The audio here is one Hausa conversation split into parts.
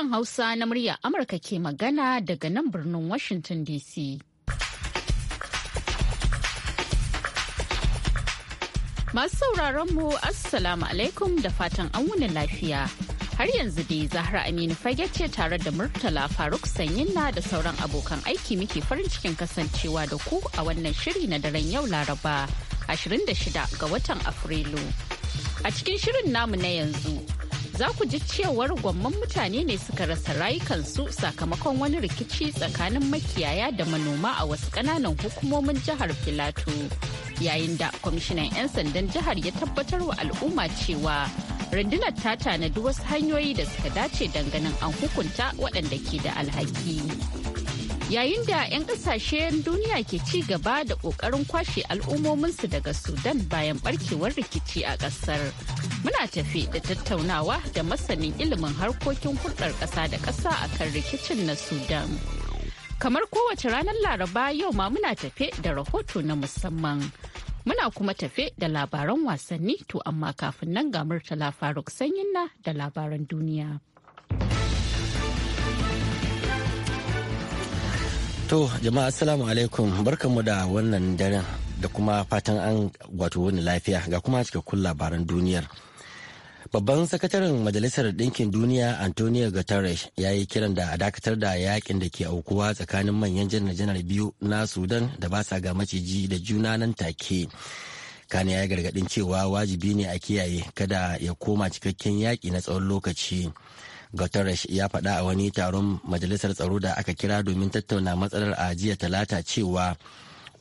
sashen Hausa na murya Amurka ke magana daga nan birnin Washington DC. Masu sauraron mu Assalamu alaikum da fatan an wuni lafiya. Har yanzu dai Zahra Aminu fage ce tare da Murtala Faruk Sanyinna da sauran abokan aiki muke farin cikin kasancewa da ku a wannan shiri na daren yau Laraba 26 ga watan Afrilu. A cikin shirin namu na yanzu za ku ji cewar gwamman mutane ne suka rasa rayukansu sakamakon wani rikici tsakanin makiyaya da manoma a wasu ƙananan hukumomin jihar filato yayin da kwamishinan 'yan sandan jihar ya tabbatar wa al'umma cewa rundunar ta tanadi wasu hanyoyi da suka dace danganin an hukunta waɗanda ke da alhaki yayin da 'yan ƙasashen duniya ke ci gaba da ƙoƙarin kwashe al'ummominsu daga sudan bayan barkewar rikici a ƙasar Muna tafi da tattaunawa da masanin ilimin harkokin hulɗar ƙasa da ƙasa a kan rikicin na Sudan. Kamar kowace ranar Laraba yau ma muna tafe da rahoto na musamman. Muna kuma tafe da labaran wasanni to amma kafin nan ga Murtala Faruk na da labaran duniya. To jama'a assalamu alaikum mu da wannan daren da kuma fatan an wato wani lafiya ga kuma cikakkun labaran duniyar. Babban sakataren Majalisar Ɗinkin Duniya Antonio Guterres ya yi kiran da a dakatar da yakin da ke aukuwa tsakanin manyan janar-janar biyu na Sudan da ba sa ga maciji da juna nan take. Kane ya yi gargaɗin cewa wajibi ne a kiyaye kada ya koma cikakken yaƙi na tsawon lokaci. Guterres ya faɗa a wani taron Majalisar Tsaro da aka kira domin tattauna matsalar a jiya talata cewa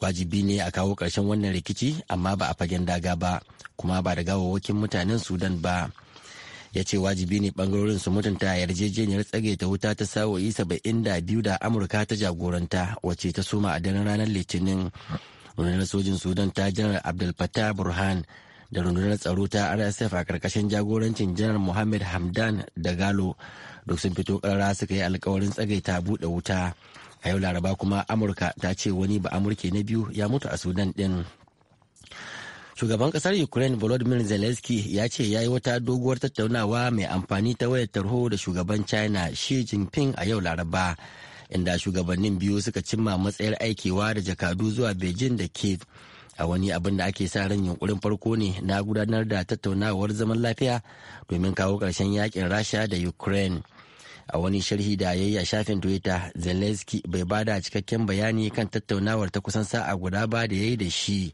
wajibi ne a kawo ƙarshen wannan rikici amma ba a fagen daga ba kuma ba da gawawwakin mutanen sudan ba ya ce wajibi ne bangarorin su mutunta yarjejeniyar tsage ta wuta ta sa'o'i saba'in da biyu da amurka ta jagoranta wacce ta soma a daren ranar litinin rundunar sojin sudan ta janar abdul fattah burhan da rundunar tsaro ta rsf a karkashin jagorancin janar mohammed hamdan da galo duk sun fito karara suka yi alkawarin tsagaita buɗe wuta a yau laraba kuma amurka ta ce wani ba amurke na biyu ya mutu a sudan din shugaban kasar ukraine volodymyr zelensky ya ce ya yi wata doguwar tattaunawa mai amfani ta wayar tarho da shugaban china xi jinping a yau laraba inda shugabannin biyu suka cimma matsayar aikewa da jakadu zuwa beijing da kiev a wani abin da ake sa ran yunkurin farko ne na gudanar da tattaunawar zaman lafiya domin kawo ƙarshen yakin rasha da ukraine a wani sharhi da ya yi a shafin twitter zelensky bai ba da cikakken bayani kan tattaunawar ta kusan sa'a guda ba da ya yi da shi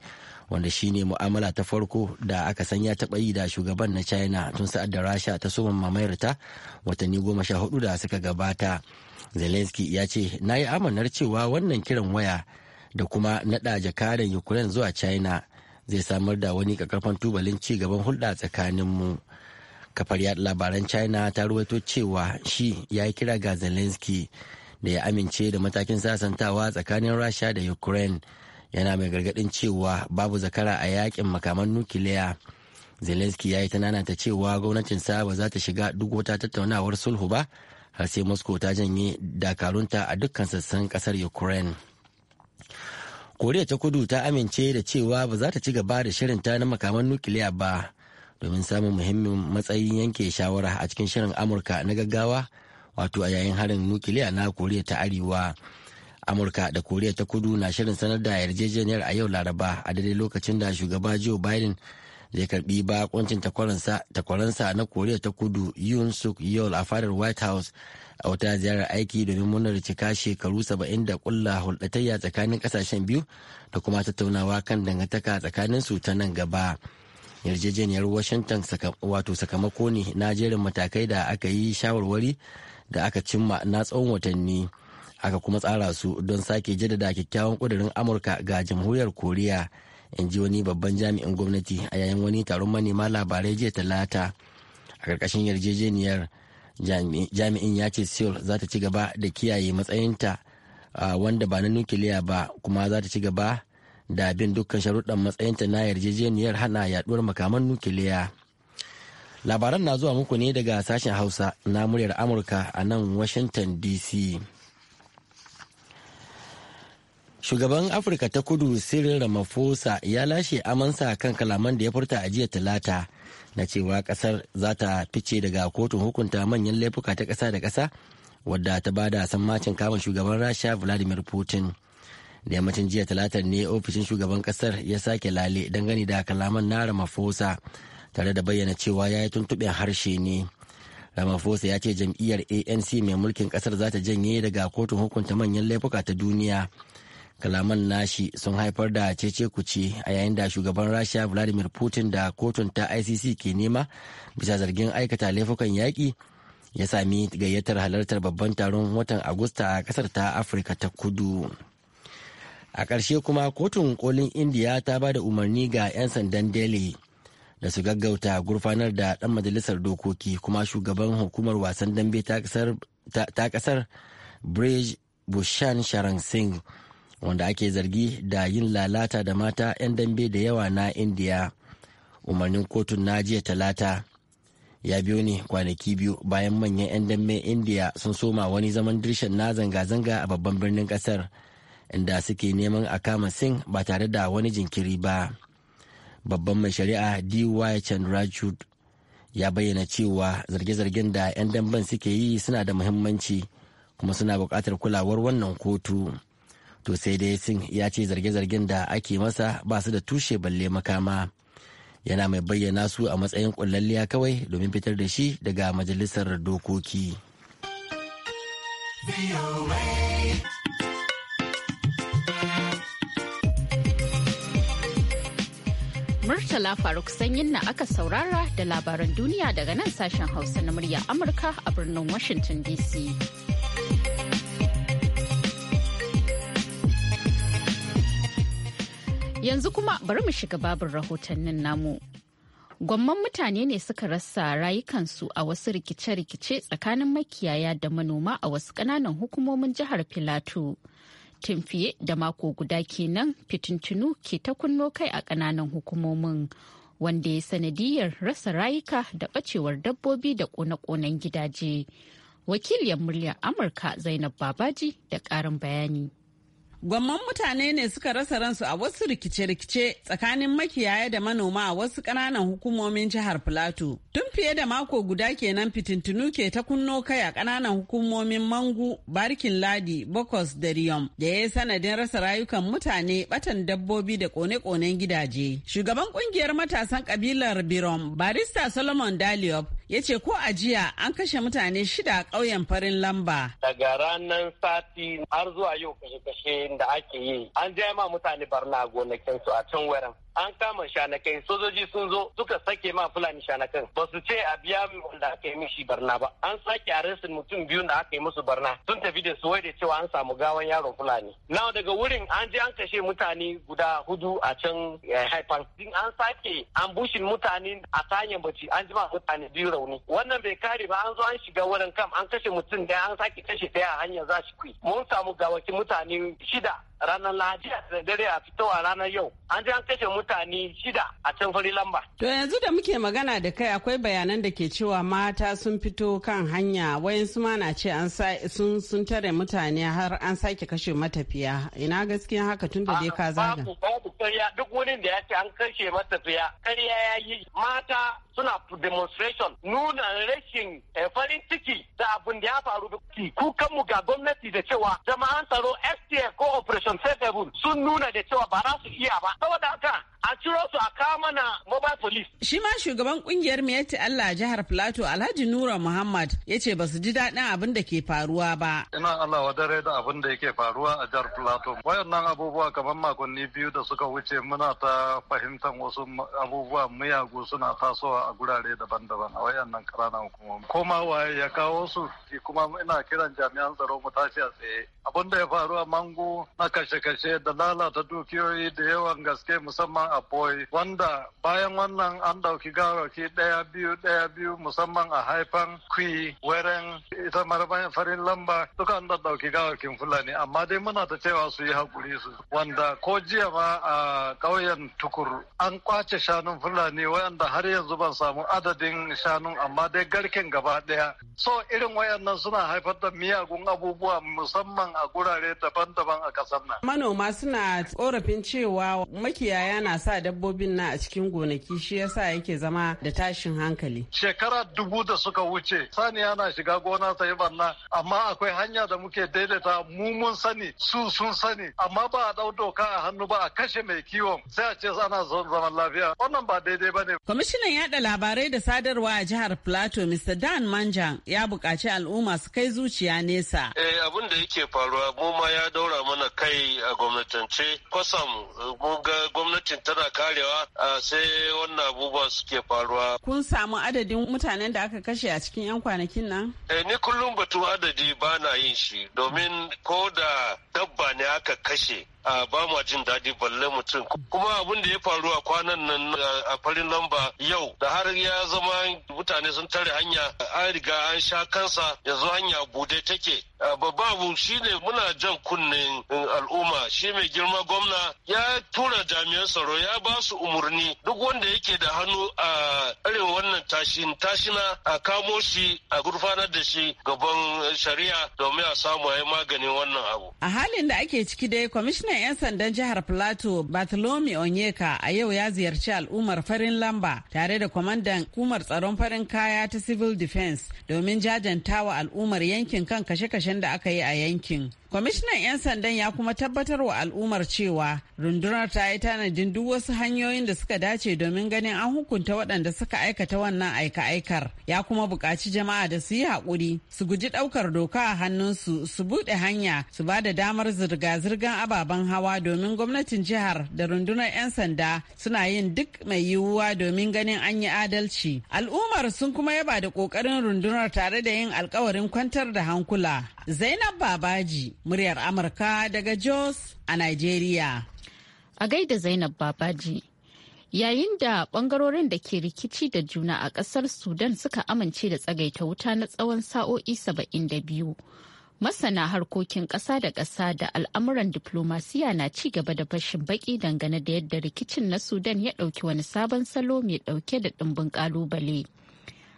wanda shi ne mu'amala ta farko da aka san ya taɓa yi da shugaban na china tun sa'ad da rasha ta soma mamayarta watanni goma sha hudu da suka gabata zelensky ya ce na yi amanar cewa wannan kiran waya da kuma naɗa jakadan ukraine zuwa china zai samar da wani kakarfan tubalin ci gaban hulɗa tsakaninmu. mu kafar yada labaran china ta ruwaito cewa shi ya yi kira ga zelensky da ya amince da matakin sasantawa tsakanin rasha da ukraine yana mai gargadin cewa babu zakara a yakin makaman nukiliya zelensky ya yi ta cewa gwamnatinsa ba za ta shiga duk wata tattaunawar sulhu ba har sai moscow ta janye dakarunta a dukkan sassan kasar ukraine koriya ta kudu ta amince da cewa ba za ta ci gaba da shirinta na makaman nukiliya ba domin samun muhimmin matsayin yanke shawara a cikin shirin amurka na gaggawa wato a yayin harin nukiliya na koriya ta arewa amurka da koriya ta kudu na shirin sanar da yarjejeniyar a yau laraba a daidai lokacin da shugaba joe biden zai karbi bakoncin takwaransa na koriya ta kudu yun suk yol a fadar white house a wata ziyarar aiki domin murnar cika shekaru saba'in da kulla hulɗatayya tsakanin kasashen biyu da kuma tattaunawa kan dangantaka tsakanin su ta nan gaba. yarjejeniyar washington wato sakamako ne na jerin matakai da aka yi shawarwari da aka cimma na tsawon watanni aka kuma tsara su don sake jaddada kyakkyawan kudirin amurka ga jamhuriyar koriya in ji wani babban jami'in gwamnati a yayin wani taron manema labarai jiya talata a ƙarƙashin yarjejeniyar jami'in ya ce seoul za ta ci gaba da kiyaye matsayinta wanda ba na nukiliya ba kuma za ta ci gaba da bin dukkan sharuɗan matsayinta na yarjejeniyar hana yaɗuwar makaman nukiliya. Labaran na zuwa muku ne daga sashen Hausa na muryar Amurka a nan Washington DC. Shugaban Afirka ta kudu sirin Ramaphosa ya lashe amansa kan kalaman da ya furta a jiya talata na cewa kasar za ta fice daga kotun hukunta manyan laifuka ta kasa da kasa wadda ta bada sammacin kamun shugaban Rasha Vladimir Putin. da yammacin jiya talatar ne ofishin shugaban kasar ya sake lale dangane da kalaman na ramafosa tare da bayyana cewa ya yi tuntuɓe harshe ne ramafosa ya ce jam'iyyar anc mai mulkin kasar za ta janye daga kotun hukunta manyan laifuka ta duniya kalaman nashi sun haifar da cece kuce a yayin da shugaban rasha vladimir putin da kotun ta icc ke nema bisa zargin aikata laifukan yaƙi ya sami gayyatar halartar babban taron watan agusta a kasar ta afirka ta kudu a ƙarshe kuma kotun kolin indiya ta ba da umarni ga 'yan sandan delhi da su gaggauta gurfanar da ɗan majalisar dokoki kuma shugaban hukumar wasan dambe ta ƙasar bridge bushan sharan singh wanda ake zargi da yin lalata da mata 'yan dambe da yawa na indiya umarnin kotun na jiya talata ya biyo ne kwanaki biyu bayan manyan 'yan dambe indiya sun soma wani zaman dirshan na zanga-zanga a babban birnin ƙasar. inda suke neman a kama ba tare da wani jinkiri ba babban mai shari'a dy chandrachud ya bayyana cewa zarge-zargen da 'yan damben suke yi suna da muhimmanci kuma suna buƙatar kulawar wannan kotu to sai dai sin ya ce zarge-zargen da ake masa ba su da tushe balle makama yana mai bayyana su a matsayin kullalliya kawai domin fitar da shi daga majalisar dokoki. Murtala Faruk Sanyin na aka saurara da labaran duniya daga nan sashen Hausa na murya Amurka a birnin Washington DC. Yanzu kuma bari mu shiga babin rahotannin namu. Gwamman mutane ne suka rasa rayukansu a wasu rikice-rikice tsakanin makiyaya da manoma a wasu ƙananan hukumomin jihar Filato. tun fiye da mako guda kenan fitintunu ke ta kunno kai a kananan hukumomin wanda ya sanadiyar rasa rayuka da ɓacewar dabbobi da ƙona konen gidaje. Wakiliyar murya Amurka Zainab Babaji da ƙarin bayani. Gwamman mutane ne suka rasa ransu a wasu rikice-rikice tsakanin makiyaya da manoma a wasu ƙananan hukumomin jihar Filato. Tun fiye da mako guda kenan fitintunu ke ta kunno kai a ƙananan hukumomin Mangu, Barkin Ladi, Bokos da Riyom da ya yi sanadin rasa rayukan mutane, batan dabbobi da kone-konen gidaje. Shugaban ƙungiyar matasan ƙabilar Birom, Barista Solomon Daliop, ya ce ko a jiya an kashe mutane shida a ƙauyen farin lamba. Daga ranar sati har zuwa yau kashe-kashe da ake yi an ma mutane barna a gonakinsu a can wurin. an kama shanakai sojoji sun zo suka sake ma fulani shanakan ba su ce a biya wanda aka yi mishi barna ba an sake arrestin mutum biyu da aka yi musu barna sun tafi da su da cewa an samu gawan yaron fulani na daga wurin an je an kashe mutane guda hudu a can haifan eh, an sake an bushin mutane a tanyan bacci, an ma mutane biyu rauni wannan bai kare ba an zo an shiga wurin kam an kashe mutum Da an sake kashe daya a hanyar za shi mun samu gawaki mutane shida ranar lahadi da dare a fitowa ranar yau an ji an kashe mutane shida a can fari lamba. To yanzu da muke magana da kai akwai bayanan da ke cewa mata sun fito kan hanya wayansu ma na ce an sun sun tare mutane har an sake kashe matafiya ina gaskiya haka tun da dai ka zaga. Babu babu duk wurin da ya ce an kashe matafiya karya ya yi mata suna demonstration nuna rashin eh, farin ciki da abin da ya faru mu ga gwamnati da cewa jama'an tsaro STF ko Operation Safe sun nuna da cewa ba za su iya ba. Saboda haka a ciro su a kawo mana mobile police. Shi ma shugaban kungiyar Miyatti Allah jihar Plateau Alhaji Nura Muhammad ya ce ba su ji daɗin abin da ke faruwa ba. Ina Allah wadare da abin da yake faruwa a jihar Plateau. Wayannan abubuwa kamar makonni biyu da suka wuce muna ta fahimtar wasu abubuwa miyagu suna tasowa a gurare daban-daban a wayannan ƙananan hukumomi. Koma waye ya kawo su kuma ina kiran jami'an tsaro mu tashi a tsaye. Abin da ya faru a Mango na kashe-kashe da lalata dukiyoyi da yawan gaske musamman a boy wanda bayan wannan an ɗauki gawaki ɗaya biyu ɗaya biyu musamman a haifan kwi weren ita marabayan farin lamba duka an ɗauki garaukin fulani amma dai muna ta cewa su yi hakuri su wanda ko jiya ma a kauyen tukur an kwace shanun fulani wayanda har yanzu ban samu adadin shanun amma dai garken gaba daya so irin wayannan suna haifar da miyagun abubuwa musamman a gurare daban-daban a kasar nan manoma suna korafin cewa makiyaya na sa dabbobin na a cikin gonaki shi yasa yake zama da tashin hankali. Shekara dubu da suka wuce sani na shiga gona ta yi barna amma akwai hanya da muke daidaita mu mun sani su sun sani amma ba a ɗau doka a hannu ba a kashe mai kiwon sai a ce ana son zaman lafiya wannan ba daidai ba ne. Kwamishinan yaɗa labarai da sadarwa a jihar Plateau Mr. Dan Manjan ya buƙaci al'umma su kai zuciya nesa. Eh abin da yake faruwa mu ma ya daura mana kai a gwamnatance kwasam mun ga gwamnatin ta tana karewa sai wannan abubuwa suke faruwa. Kun samu adadin mutanen da aka kashe a cikin 'yan kwanakin nan? Eh, ni kullum batun adadi ba na yin shi domin ko da dabba ne aka kashe A ba mu jin daɗi balle mutum kuma abin da ya faru a kwanan nan a farin lamba yau da har ya zama mutane sun tare hanya an riga an sha kansa yanzu hanya bude take babu shine muna jan kunnen al'umma shi mai girma gwamna ya tura jami'an tsaro ya ba su umarni duk wanda yake da hannu a irin wannan tashin tashina a kamo shi a gurfanar da shi gaban shari'a domin a samu a yi maganin wannan abu a halin da ake ciki dai kwamishinan Kwamishinan 'yan sandan jihar Plateau Bartholomew Onyeka a yau ya ziyarci al'ummar farin lamba tare da kwamandan kumar tsaron farin kaya ta Civil Defense domin jajanta wa al'ummar yankin kan kashe-kashen da aka yi a yankin. kwamishinan 'yan sandan ya kuma tabbatar wa al'ummar cewa rundunar ta yi tanadin duk wasu hanyoyin da suka dace domin ganin an hukunta waɗanda suka aikata wannan aika-aikar ya kuma buƙaci jama'a da su yi haƙuri su guji ɗaukar doka a hannunsu su buɗe hanya su ba da damar zirga-zirgar ababen ababen hawa domin gwamnatin jihar da rundunar 'yan sanda suna yin duk mai yiwuwa domin ganin an yi adalci. Al'ummar sun kuma yaba da ƙoƙarin rundunar tare da yin alkawarin kwantar da hankula. Zainab Babaji, muryar Amurka daga Jos a Nigeria. A gaida Zainab Babaji. yayin da bangarorin da ke rikici da juna a kasar sudan suka amince da tsagaita wuta na tsawon sa'o'i 72 masana harkokin ƙasa da ƙasa da al'amuran diplomasiya na ci gaba da bashin baki dangane da yadda rikicin na sudan ya ɗauki wani sabon salo mai ɗauke da ɗimbin ƙalubale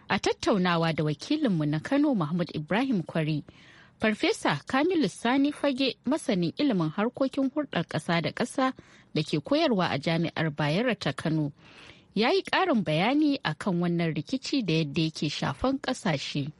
a tattaunawa da wakilinmu na kano mahmud ibrahim kwari farfesa kamilu sani fage masanin ilimin harkokin hulɗar ƙasa da ƙasa da ke koyarwa a jami'ar bayero ta kano ya yi ƙarin bayani akan wannan rikici da yadda yake shafan ƙasashe.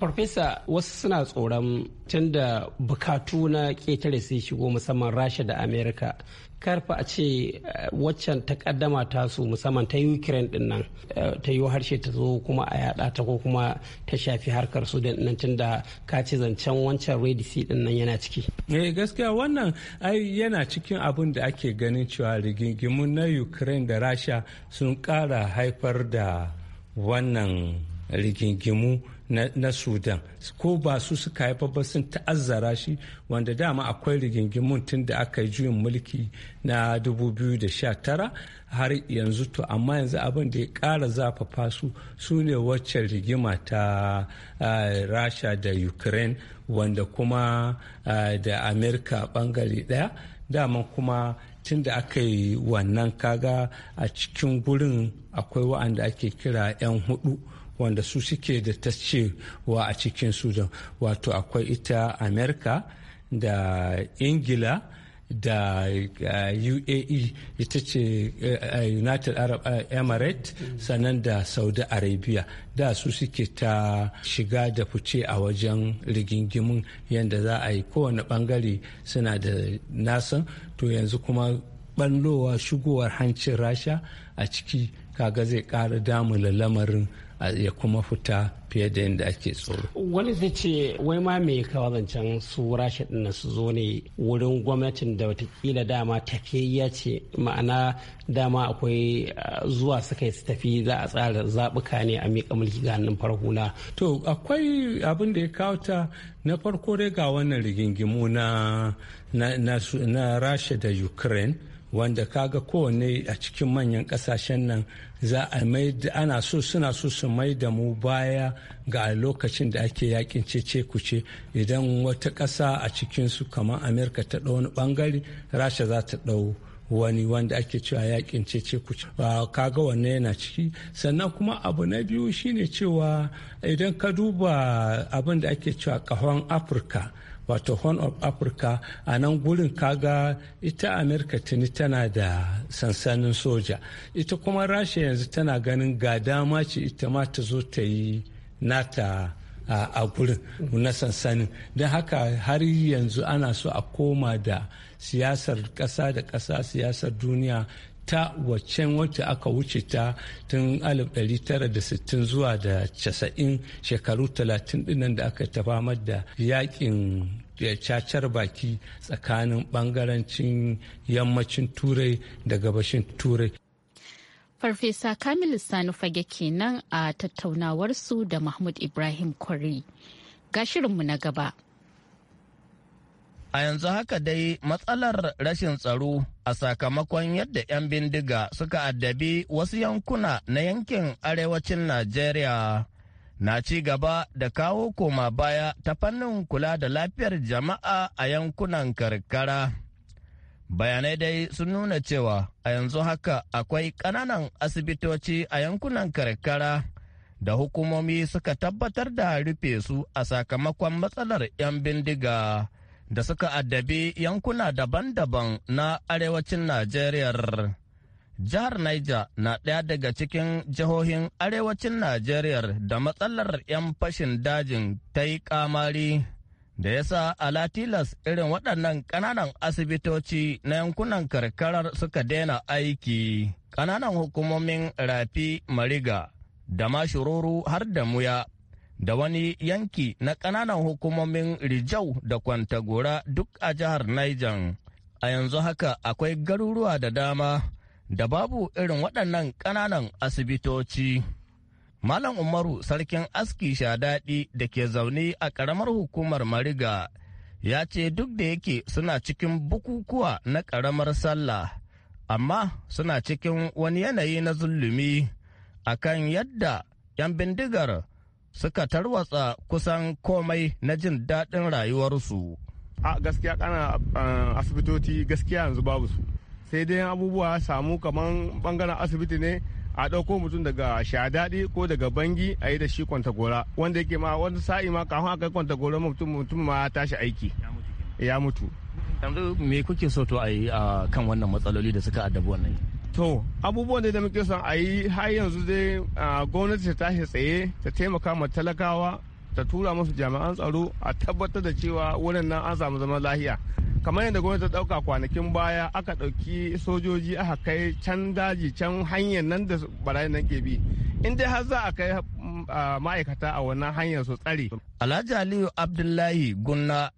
Farfesa wasu suna tsoron tunda bukatu na ƙetare sai shigo musamman Rasha da Amerika. Karfa a ce eh, waccan ta ta tasu musamman ta Ukraine din nan eh, ta yi harshe ta zo kuma a yada ta ko kuma ta shafi harkar su nan tunda ka ce zancen wancan Red Sea din nan yana ciki. Eh gaskiya wannan ai yana cikin abin da ake ganin cewa rigingimu na Ukraine da Rasha sun ƙara haifar da wannan rigingimu na sudan ko ba su suka haifar ba sun ta'azzara shi wanda dama akwai rigingimun tun da aka yi juyin mulki na 2019 har yanzu to amma yanzu abin da ya kara zafafa su su ne waccan rigima ta rasha da ukraine wanda kuma da amerika bangare daya dama kuma tun da aka yi wannan kaga a cikin gurin akwai wa'anda ake kira 'yan hudu wanda su suke da ta cewa a cikin sudan wato akwai ita amerika da ingila da eh, uae ita ce eh, eh, united arab emirates sannan da saudi arabia da su suke ta shiga da fice a wajen rigingimin yadda za a yi kowane bangare suna da nasan to yanzu kuma ɓallowa shigowar hancin rasha a ciki kaga zai kara damula lamarin ya kuma fita fiye da yadda ake tsoro. Wani zai ce wai ma me kawo zancen su rashi ɗin su zo ne wurin gwamnatin da watakila dama tafiya ce ma'ana dama akwai zuwa suka yi su tafi za a tsara zaɓuka ne a miƙa mulki ga hannun na. To akwai abin da ya kawo ta na farko dai ga wannan rigingimu na rasha da ukraine wanda kaga kowanne a cikin manyan kasashen nan za a mai ana so suna so su mai da mu baya ga lokacin da ake yakin cece kuce idan wata ƙasa a cikin su kamar amerika ta ɗau wani ɓangare rasha za ta ɗau wani wanda ake cewa yakin cece kuce kaga wanne yana ciki sannan kuma abu na biyu shine cewa idan ka duba abin da ake cewa kahon afirka wato horn of africa a nan gurin kaga ita america tuni tana da sansanin soja ita kuma rasha yanzu tana ganin ga dama ce ita ma ta zo ta yi nata a gurin na sansanin don haka har yanzu ana so a koma da siyasar ƙasa da ƙasa siyasar duniya ta waccan wacce aka wuce ta tun 1960 zuwa da 90 shekaru 30 dinnan da aka tafamar da yakin cacar baki tsakanin bangarancin yammacin turai da gabashin turai farfesa kamilu sani fage kenan a tattaunawarsu da mahmud ibrahim kwari ga shirinmu na gaba A yanzu haka dai matsalar rashin tsaro a sakamakon yadda 'yan bindiga suka addabi wasu yankuna na yankin arewacin Najeriya na ci gaba da kawo koma baya ta fannin kula da lafiyar jama'a a yankunan karkara. Bayanai dai sun nuna cewa a yanzu haka akwai ƙananan asibitoci a yankunan karkara da hukumomi suka tabbatar da rufe su a sakamakon matsalar 'yan bindiga. da suka addabi yankuna daban-daban na arewacin Najeriya. Jihar Niger na ɗaya daga cikin jihohin arewacin Najeriya da matsalar 'yan fashin dajin ta yi kamari da ya sa alatilas irin waɗannan ƙananan asibitoci na yankunan karkarar suka daina aiki. Ƙananan hukumomin rafi mariga da mashururu har da muya da wani yanki na ƙananan hukumomin Rijau da Kwantagora duk a jihar Niger. A yanzu haka akwai garuruwa da dama da babu irin waɗannan ƙananan asibitoci. Malam Umaru sarkin aski shadaɗi da ke zaune a ƙaramar hukumar Mariga ya ce duk da yake suna cikin bukukuwa na ƙaramar sallah, amma suna cikin wani yanayi na zulumi akan yadda 'yan bindigar suka tarwatsa kusan komai na jin daɗin rayuwarsu. A gaskiya kana eh, asibitoci gaskiya yanzu babu su. Sai dai abubuwa samu kamar bangaren asibiti ne a ɗauko mutum daga shadaɗi ko daga bangi a yi da shi kwantagora wanda yake ma wani sa'i ma kafin aka yi kwantagora mutum ma ya tashi aiki ya mutu. Yanzu me kuke so to a yi ah, kan wannan matsaloli da suka addabi wannan? to abubuwan da muke son a yi har yanzu dai gwamnati ta tashi tsaye ta taimaka ma talakawa ta tura musu jami'an tsaro a tabbatar da cewa wurin nan an samu zaman lahiya kamar yadda gwamnati ta dauka kwanakin baya aka dauki sojoji aka kai can daji can hanyar nan da barayin nan ke bi in dai har za a kai ma'aikata a wannan hanyar su tsare. alhaji aliyu abdullahi gunna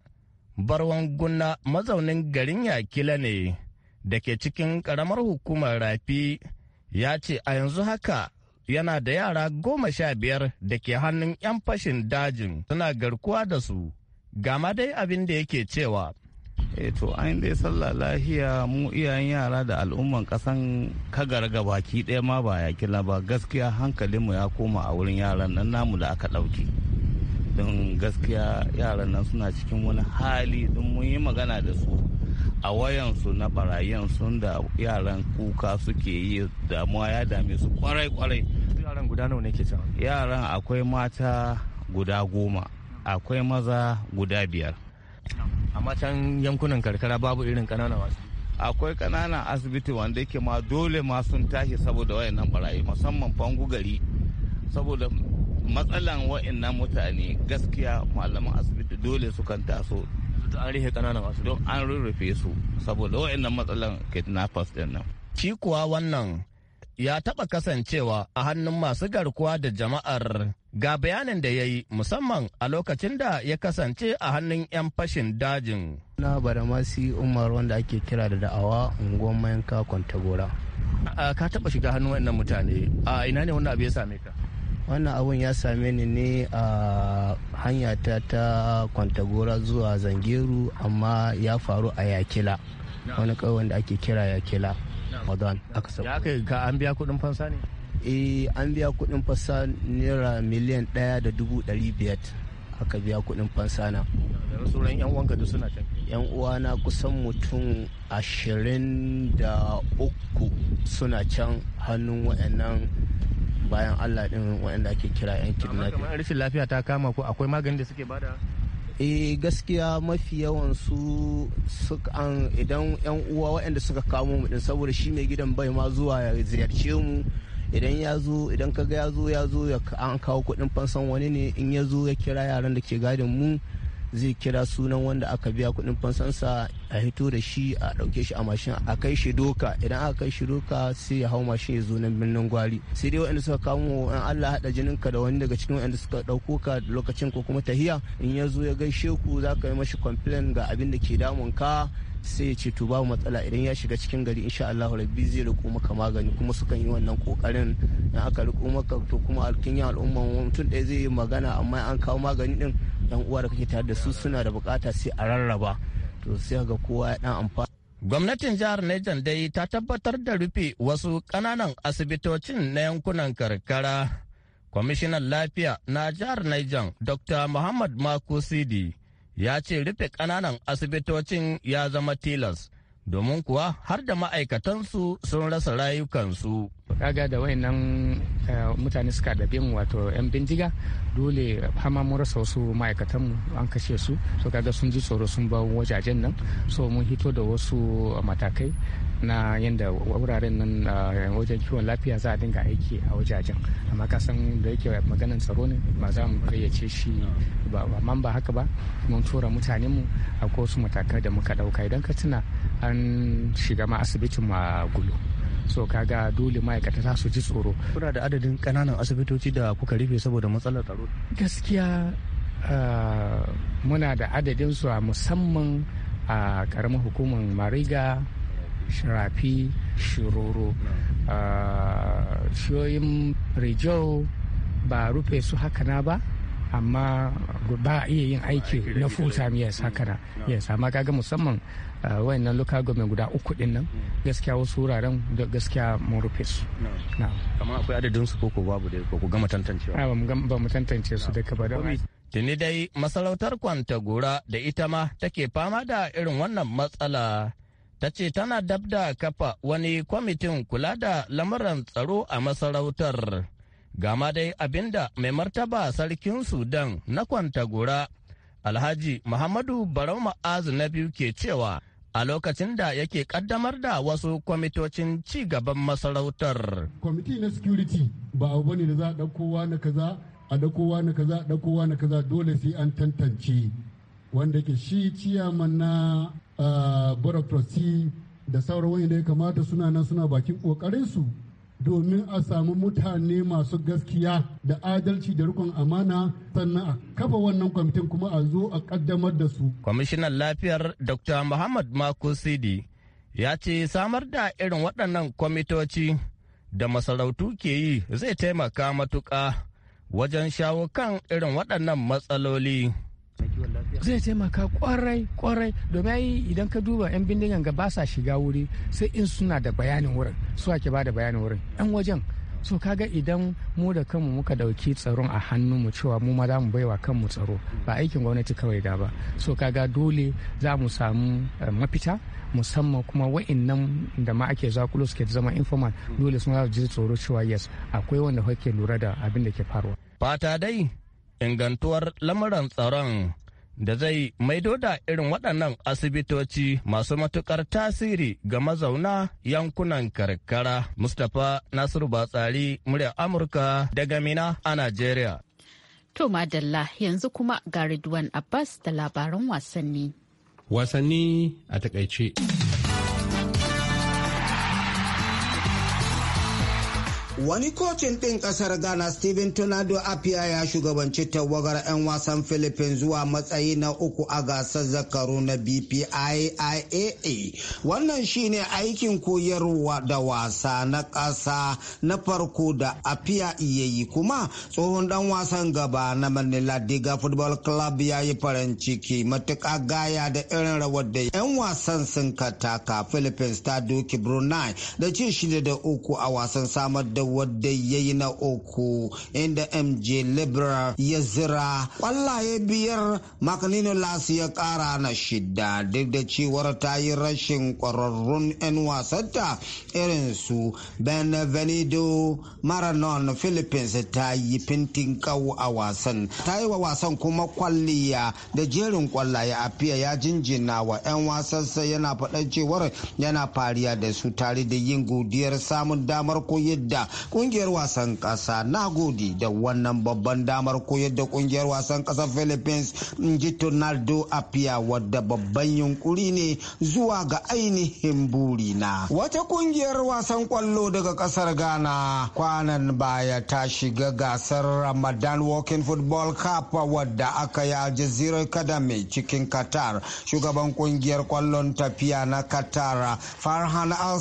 barwan gunna mazaunin garin yakila ne da ke cikin karamar hukumar rafi ya ce a yanzu haka yana da yara goma sha biyar da ke hannun 'yan fashin dajin suna garkuwa da su gama dai abin da yake cewa eh, to an dai sallah lahiya mu iyayen yara da al'umman kasan kagar baki ɗaya ma ba ya ba gaskiya hankalinmu ya koma a wurin yaran nan namu da aka ɗauki don gaskiya yaran nan suna cikin wani hali don mun yi magana da su a wayansu na barayin sun da yaran kuka suke yi damuwa ya dame su kwarai kwarai yaran guda nawa ne ke can yaran akwai mata guda goma akwai maza guda biyar amma can yankunan karkara babu irin kanana wasu akwai kananan asibiti wanda yake ma dole ma sun tashi saboda wayannan barayi musamman fangu gari saboda matsalan nan mutane gaskiya malaman asibiti dole sukan taso yanzu an rufe kananan wasu don an rurrufe su saboda wa'annan matsalan kidnappers din nan shi kuwa wannan ya taɓa kasancewa a hannun masu garkuwa da jama'ar ga bayanin da ya yi musamman a lokacin da ya kasance a hannun 'yan fashin dajin. Na baramasi Umar wanda ake kira da da'awa unguwan mayanka Kwantagora. Ka taɓa shiga hannun wannan mutane, a ina ne wanda abu ya same ka? wannan abun ya same ni ne a hanyata ta kwantagora zuwa zangeru amma ya faru a yakila wani kawai wanda ake kira yakila madan aka sabu an biya kudin fansa ne eh an biya kudin fansa naira miliyan ɗaya da dubu ɗari biyar aka biya kudin fansa na sauran yan uwan da suna can yan uwana kusan mutum ashirin da uku suna can hannun waɗannan bayan allah din waɗanda ake kira yan kidnapping amma rashin lafiya ta kama ko akwai magani da suke bada e gaskiya mafi yawan su an idan yan uwa waɗanda suka kamo mu din saboda shi mai gidan bai ma zuwa ya ziyarce mu idan ya zo idan kaga ya zo ya zo an kawo kuɗin fansan wani ne in ya zo ya kira yaran da ke gadin mu zai kira sunan wanda aka biya kuɗin fansansa a hito da shi a ɗauke shi a mashin a kai shi doka idan aka kai shi doka sai ya hau mashin ya zo nan birnin gwari sai dai waɗanda suka kamo in Allah haɗa jinin ka da wani daga cikin wanda suka ɗauko ka lokacin ko kuma tahiya in ya zo ya gaishe ku za ka yi mashi complain ga abin da ke damun ka sai ya ce to babu matsala idan ya shiga cikin gari insha Allah rabbi zai riko maka magani kuma sukan yi wannan kokarin na aka riko maka to kuma alkin al'umma mutum ɗaya zai yi magana amma an kawo magani din yan uwa da kake tare da su suna da bukata sai a rarraba to sai ga kowa ya dan amfani Gwamnatin jihar Niger dai ta tabbatar da rufe wasu ƙananan asibitocin na yankunan karkara. Kwamishinan lafiya na jihar Niger Dr. Muhammad Makusidi Sidi ya ce rufe ƙananan asibitocin ya zama tilas, domin kuwa har da ma'aikatansu sun rasa rayukansu. kaga da wayannan eh, mutane suka dabe mu wato yan bindiga dole hama mun rasa wasu ma'aikatanmu an kashe su so kaga sun ji tsoro sun ba wajajen nan so mun hito da wasu matakai na yadda wuraren nan eh, wajen kiwon lafiya za a dinga aiki a wajajen amma ka san da yake maganan tsaro ne ba za mu gayyace shi ba amma ba haka ba mun tura mutane mu a wasu matakai da muka dauka idan ka tuna an shiga ma asibitin ma gulu so kaga dole ma'aikata za su ji tsoro kuna da adadin kananan asibitoci da kuka rufe saboda matsalar tsaro gaskiya ah, muna da adadin su a musamman a karamar hukumar mariga shirafi shiroro ah, shiyoyin rijo ba rufe su hakana ba amma ba a iya yin aiki na full time yes hakana yes amma kaga musamman Ah, nan local government guda uku din nan gaskiya wasu wuraren da gaskiya mun rufe su kamar akwai adadin su koko babu da ko gama tantancewa ah, ba mu tantance su da ba da tuni dai masarautar kwantagora da ita ma take fama da irin wannan matsala ta ce tana dab da kafa wani kwamitin kula da lamuran tsaro a masarautar gama dai abinda mai martaba sarkin sudan na kwantagora alhaji muhammadu barau ma'azu na biyu ke cewa a lokacin da yake kaddamar da wasu kwamitocin ci gaban masarautar. Kwamiti na security ba abu bane da za a ɗaukowa na kaza a ɗaukowa na kaza a ɗaukowa na kaza dole sai an tantance wanda ke shi ciyaman na uh, da sauran wani da ya kamata suna nan suna bakin ƙoƙarinsu domin a samu mutane masu gaskiya da adalci da rikon amana sannan a kafa wannan kwamitin kuma a zo a kaddamar da su. Kwamishinan lafiyar Dr. Muhammad Mako Sidi ya ce samar da irin waɗannan kwamitoci da masarautu ke yi zai taimaka matuƙa wajen shawo kan irin waɗannan matsaloli. zai taimaka kwarai kwarai domin ai idan ka duba yan bindigan ga ba sa shiga wuri sai in suna da bayanin wurin su ake ba da bayanin wurin yan wajen so kaga idan mu da kanmu muka dauki tsaron a hannun mu cewa mu ma za mu baiwa kanmu tsaro ba aikin gwamnati kawai da ba so kaga dole za mu samu eh, mafita musamman kuma wa'annan da ma ake zakulo suke zama informal dole ma za ji tsoro cewa yes akwai wanda kake lura da abin da ke faruwa fata dai ingantuwar lamuran tsaron da zai maido da irin waɗannan asibitoci masu matuƙar tasiri ga mazauna yankunan karkara. Mustapha Nasiru Batsari murya Amurka daga Mina a Najeriya. To Madalla yanzu kuma ga Ridwan Abbas da labaran wasanni. Wasanni a takaice. Wani kocin ɗin ƙasar Ghana Steven Tonado Apia ya shugabanci tawagar 'yan wasan Philippines zuwa matsayi na uku a gasar zakaru na BPIIAA. Wannan shine aikin koyarwa da wasa na ƙasa na farko da Apia yayi yi kuma tsohon ɗan wasan gaba na Manila Diga Football Club ya yi farin ciki matuƙa gaya da irin rawar da 'yan wasan sun kataka Philippines ta doki Brunei da ci shida da uku a wasan samar da wadda ya yi na uku inda mj libra ya zira kwallaye biyar makalino lasi ya kara na shida duk da cewar ta yi rashin kwararrun 'yan wasanta irin su benvenido maranon philippines ta yi fintin kawo a wasan ta yi wa wasan kuma kwalliya da jerin kwallaye a fiye ya jinjina wa 'yan wasansa yana faɗan cewar yana fariya da su tare da yin godiyar samun damar koyar da kungiyar wasan kasa na gode da wannan babban damar koyar da kungiyar wasan kasa philippines ji tonaldo apia wadda babban yunkuri ne zuwa ga ainihin burina wata kungiyar wasan kwallo daga kasar ghana kwanan baya ta shiga gasar ramadan walking football cup wadda aka yi aljazeera academy cikin qatar shugaban kungiyar kwallon tafiya na qatar farhan al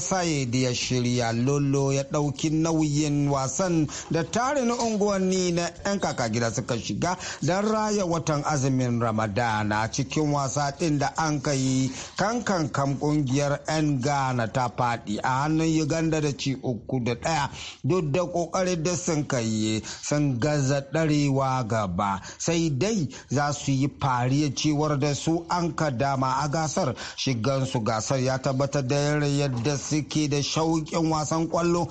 ya shirya lolo ya ɗauki nauyi sauyin wasan da na unguwanni na 'yan kaka gida suka shiga don raya watan azumin ramadana cikin wasa ɗin da an yi kankan kam kungiyar 'yan ghana ta faɗi a hannun uganda da ci uku da ɗaya duk da ƙoƙarin da sun kai sun gaza ɗarewa gaba sai dai za su yi fariya cewar da su an ka dama a gasar shigansu gasar ya tabbatar da yadda suke da shauƙin wasan kwallo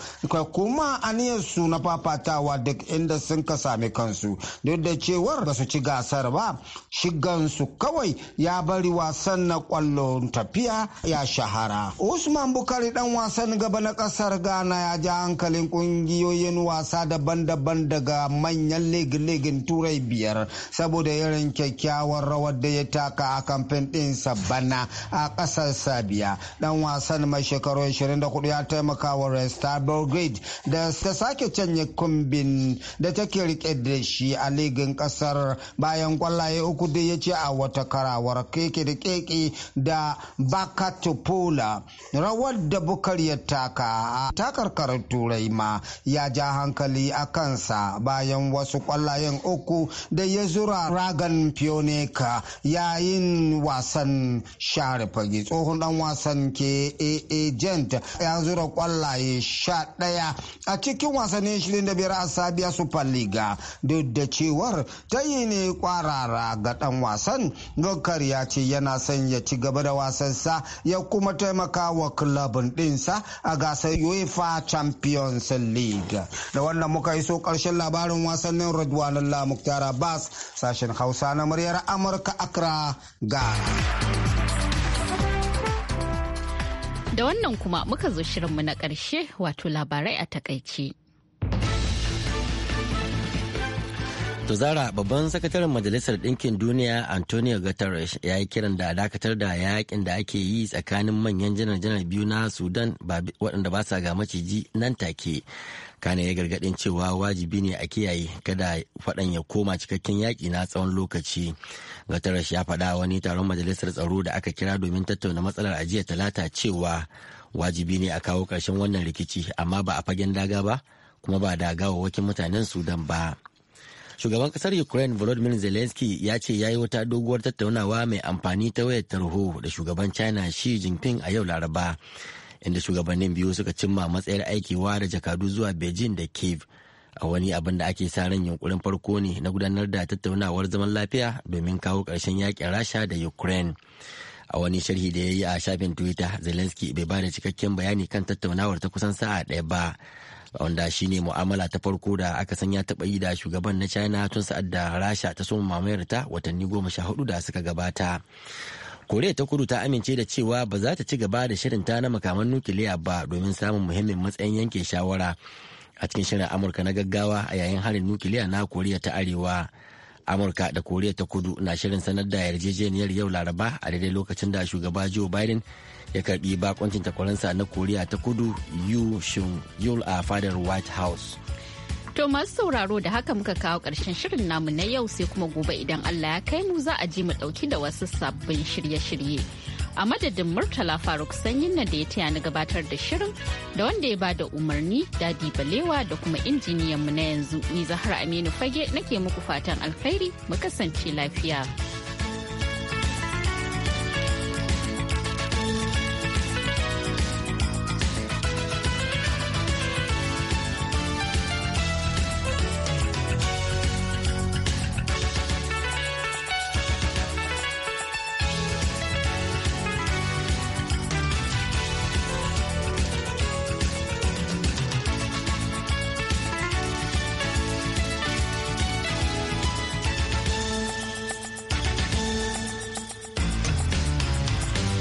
kuma cimma aniyarsu na fafatawa duk inda sun ka sami kansu duk da cewar ba su ci gasar ba shigansu kawai ya bari wasan na kwallon tafiya ya shahara usman bukari dan wasan gaba na kasar ghana ya ja hankalin kungiyoyin wasa daban-daban daga manyan ligin turai biyar saboda irin kyakkyawar rawar da ya taka a kamfen ɗinsa bana a kasar sabiya dan wasan mai shekaru 24 ya taimaka wa resta belgrade da sake canye kumbin da take rike da shi a ligin kasar bayan kwallaye uku da ya ce a wata karawar keke da keke da bakatopola rawar da bukar ya taka a turai ma ya ja hankali a kansa bayan wasu kwallayen uku da ya zura ragan pioneka yayin wasan share fage tsohon dan wasan ke agent ya zura kwallaye sha ɗaya a cikin wasannin biyar a Sabiya Super Liga duk da cewar ta yi ne kwarara ga dan wasan Gokar ya ce yana son ya ci gaba da wasansa ya kuma taimaka wa kulabin ɗinsa a gasar UEFA Champions League. Da wannan muka iso ƙarshen labarin wasannin Radwan Allah Muktar Abbas sashen Hausa na muryar Amurka Accra Ghana. Da wannan kuma muka zo shirinmu na ƙarshe wato labarai a takaice. To zara babban sakataren majalisar ɗinkin duniya Antonio Guterres ya yi kiran da dakatar da yakin da ake yi tsakanin manyan janar-janar biyu na Sudan waɗanda ba sa ga maciji nan take kane ya gargaɗin cewa wajibi ne a kiyaye kada faɗan ya koma cikakken yaƙi na tsawon lokaci guterres ya faɗa wani taron majalisar tsaro da aka kira domin tattauna matsalar ajiya talata cewa wajibi ne a kawo ƙarshen wannan rikici amma ba a fagen daga ba kuma ba da gawawwakin mutanen sudan ba shugaban kasar ukraine volodymyr zelensky ya ce ya yi wata doguwar tattaunawa mai amfani ta wayar tarho da shugaban china shi jinping a yau laraba inda shugabannin biyu suka cimma matsayar aikewa da jakadu zuwa beijing da kiev a wani abin da ake sa ran yunkurin farko ne na gudanar da tattaunawar zaman lafiya domin kawo ƙarshen yakin rasha da ukraine a wani sharhi da ya yi a shafin twitter zelensky bai ba da cikakken bayani kan tattaunawar ta kusan sa'a ɗaya ba wanda shine mu'amala ta farko da aka sanya taba taɓa yi da shugaban na china tun sa'ad da rasha ta soma mamayarta watanni goma sha hudu da suka gabata koriya ta kudu ta amince da cewa ba za ta ci gaba da shirinta na makaman nukiliya ba domin samun muhimmin matsayin yanke shawara a cikin shirin amurka na gaggawa a yayin harin nukiliya na koriya ta arewa amurka da koriya ta kudu na shirin sanar da yarjejeniyar yau laraba a daidai lokacin da shugaba joe biden ya karbi bakoncin takwaransa na koriya ta kudu yu shun yul a fadar white house To masu sauraro da haka muka kawo ƙarshen shirin namu na yau sai kuma gobe idan Allah ya kai mu za a ji mu ɗauki da wasu sabbin shirye-shirye. A madadin Murtala Faruk Sanyin nan da ya taya na gabatar da shirin da wanda ya bada umarni Dadi Balewa da kuma injiniyan mu na yanzu ni Zahra Aminu Fage nake muku fatan alkhairi mu kasance lafiya.